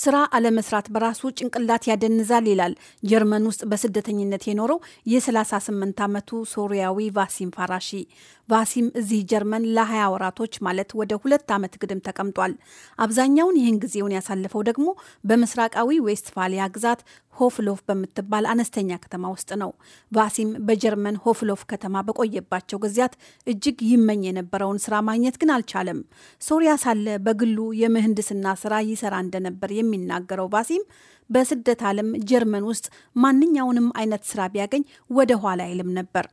ስራ አለመስራት በራሱ ጭንቅላት ያደንዛል ይላል ጀርመን ውስጥ በስደተኝነት የኖረው የ38 ዓመቱ ሶሪያዊ ቫሲም ፋራሺ። ቫሲም እዚህ ጀርመን ለ20 ወራቶች ማለት ወደ ሁለት ዓመት ግድም ተቀምጧል። አብዛኛውን ይህን ጊዜውን ያሳለፈው ደግሞ በምስራቃዊ ዌስትፋሊያ ግዛት ሆፍሎፍ በምትባል አነስተኛ ከተማ ውስጥ ነው። ቫሲም በጀርመን ሆፍሎፍ ከተማ በቆየባቸው ጊዜያት እጅግ ይመኝ የነበረውን ስራ ማግኘት ግን አልቻለም። ሶሪያ ሳለ በግሉ የምህንድስና ስራ ይሰራ እንደነበር የሚናገረው ባሲም በስደት ዓለም ጀርመን ውስጥ ማንኛውንም አይነት ስራ ቢያገኝ ወደ ኋላ አይልም ነበር።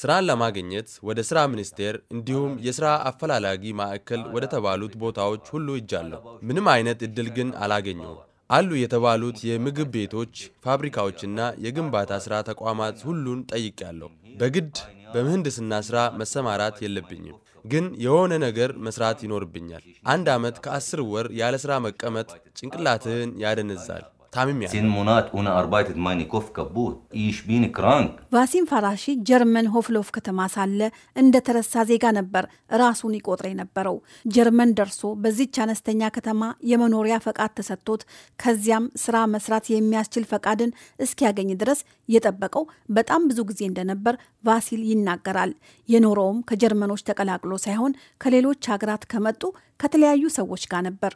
ስራን ለማግኘት ወደ ስራ ሚኒስቴር እንዲሁም የስራ አፈላላጊ ማዕከል ወደ ተባሉት ቦታዎች ሁሉ እጃለሁ። ምንም አይነት እድል ግን አላገኘውም። አሉ የተባሉት የምግብ ቤቶች፣ ፋብሪካዎችና የግንባታ ስራ ተቋማት ሁሉን ያለው በግድ በምህንድስና ስራ መሰማራት የለብኝም፣ ግን የሆነ ነገር መስራት ይኖርብኛል። አንድ ዓመት ከአስር ወር ያለ ሥራ መቀመጥ ጭንቅላትህን ያደነዛል። ታሚም ያ ሲን ሙናት ኡና አርባይት ማኒ ኮፍ ከቡት ኢሽ ቢን ክራንክ ቫሲም ፈራሺ ጀርመን ሆፍሎፍ ከተማ ሳለ እንደ ተረሳ ዜጋ ነበር ራሱን ይቆጥር የነበረው። ጀርመን ደርሶ በዚች አነስተኛ ከተማ የመኖሪያ ፈቃድ ተሰጥቶት ከዚያም ስራ መስራት የሚያስችል ፈቃድን እስኪያገኝ ድረስ የጠበቀው በጣም ብዙ ጊዜ እንደነበር ቫሲል ይናገራል። የኖረውም ከጀርመኖች ተቀላቅሎ ሳይሆን ከሌሎች ሀገራት ከመጡ ከተለያዩ ሰዎች ጋር ነበር።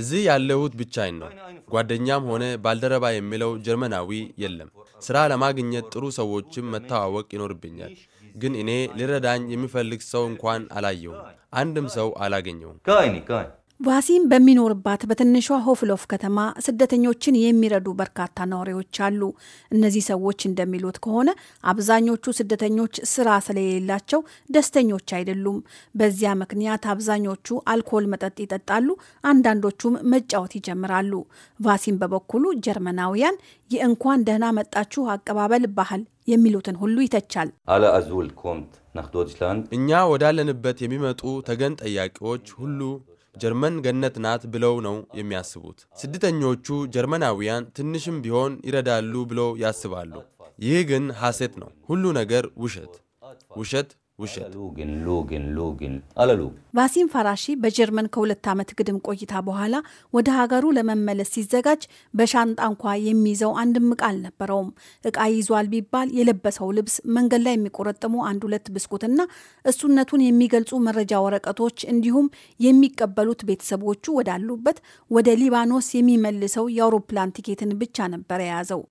እዚ ያለሁት ብቻዬን ነው። ጓደኛም ሆነ ባልደረባ የሚለው ጀርመናዊ የለም። ሥራ ለማግኘት ጥሩ ሰዎችም መተዋወቅ ይኖርብኛል። ግን እኔ ሊረዳኝ የሚፈልግ ሰው እንኳን አላየሁም። አንድም ሰው አላገኘሁም። ዋሲም በሚኖርባት በትንሿ ሆፍሎፍ ከተማ ስደተኞችን የሚረዱ በርካታ ነዋሪዎች አሉ። እነዚህ ሰዎች እንደሚሉት ከሆነ አብዛኞቹ ስደተኞች ስራ ስለሌላቸው ደስተኞች አይደሉም። በዚያ ምክንያት አብዛኞቹ አልኮል መጠጥ ይጠጣሉ፣ አንዳንዶቹም መጫወት ይጀምራሉ። ቫሲም በበኩሉ ጀርመናውያን የእንኳን ደህና መጣችሁ አቀባበል ባህል የሚሉትን ሁሉ ይተቻል። አለ አዙል ኮምት ናክ ዶችላንድ እኛ ወዳለንበት የሚመጡ ተገን ጠያቂዎች ሁሉ ጀርመን ገነት ናት ብለው ነው የሚያስቡት። ስደተኞቹ ጀርመናውያን ትንሽም ቢሆን ይረዳሉ ብለው ያስባሉ። ይህ ግን ሐሴት ነው። ሁሉ ነገር ውሸት ውሸት ውሸት ቫሲም ፋራሺ በጀርመን ከሁለት ዓመት ግድም ቆይታ በኋላ ወደ ሀገሩ ለመመለስ ሲዘጋጅ በሻንጣ እንኳ የሚይዘው አንድም ዕቃ አልነበረውም። ዕቃ ይዟል ቢባል የለበሰው ልብስ፣ መንገድ ላይ የሚቆረጥሙ አንድ ሁለት ብስኩትና እሱነቱን የሚገልጹ መረጃ ወረቀቶች እንዲሁም የሚቀበሉት ቤተሰቦቹ ወዳሉበት ወደ ሊባኖስ የሚመልሰው የአውሮፕላን ቲኬትን ብቻ ነበር የያዘው።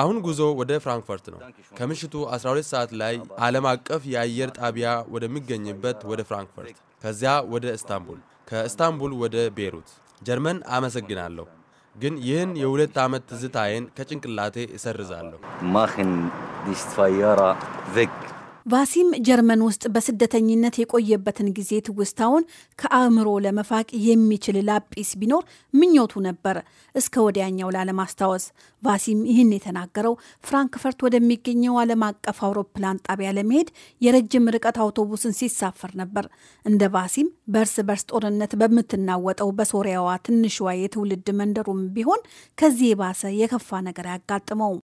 አሁን ጉዞ ወደ ፍራንክፈርት ነው። ከምሽቱ 12 ሰዓት ላይ ዓለም አቀፍ የአየር ጣቢያ ወደሚገኝበት ወደ ፍራንክፈርት፣ ከዚያ ወደ እስታንቡል፣ ከእስታንቡል ወደ ቤይሩት። ጀርመን አመሰግናለሁ፣ ግን ይህን የሁለት ዓመት ትዝታዬን ከጭንቅላቴ እሰርዛለሁ። ማን ዲስትፋያራ ቬግ ቫሲም ጀርመን ውስጥ በስደተኝነት የቆየበትን ጊዜ ትውስታውን ከአእምሮ ለመፋቅ የሚችል ላጲስ ቢኖር ምኞቱ ነበር፣ እስከ ወዲያኛው ላለማስታወስ። ቫሲም ይህን የተናገረው ፍራንክፈርት ወደሚገኘው ዓለም አቀፍ አውሮፕላን ጣቢያ ለመሄድ የረጅም ርቀት አውቶቡስን ሲሳፈር ነበር። እንደ ቫሲም በእርስ በርስ ጦርነት በምትናወጠው በሶሪያዋ ትንሿ የትውልድ መንደሩም ቢሆን ከዚህ የባሰ የከፋ ነገር አያጋጥመው።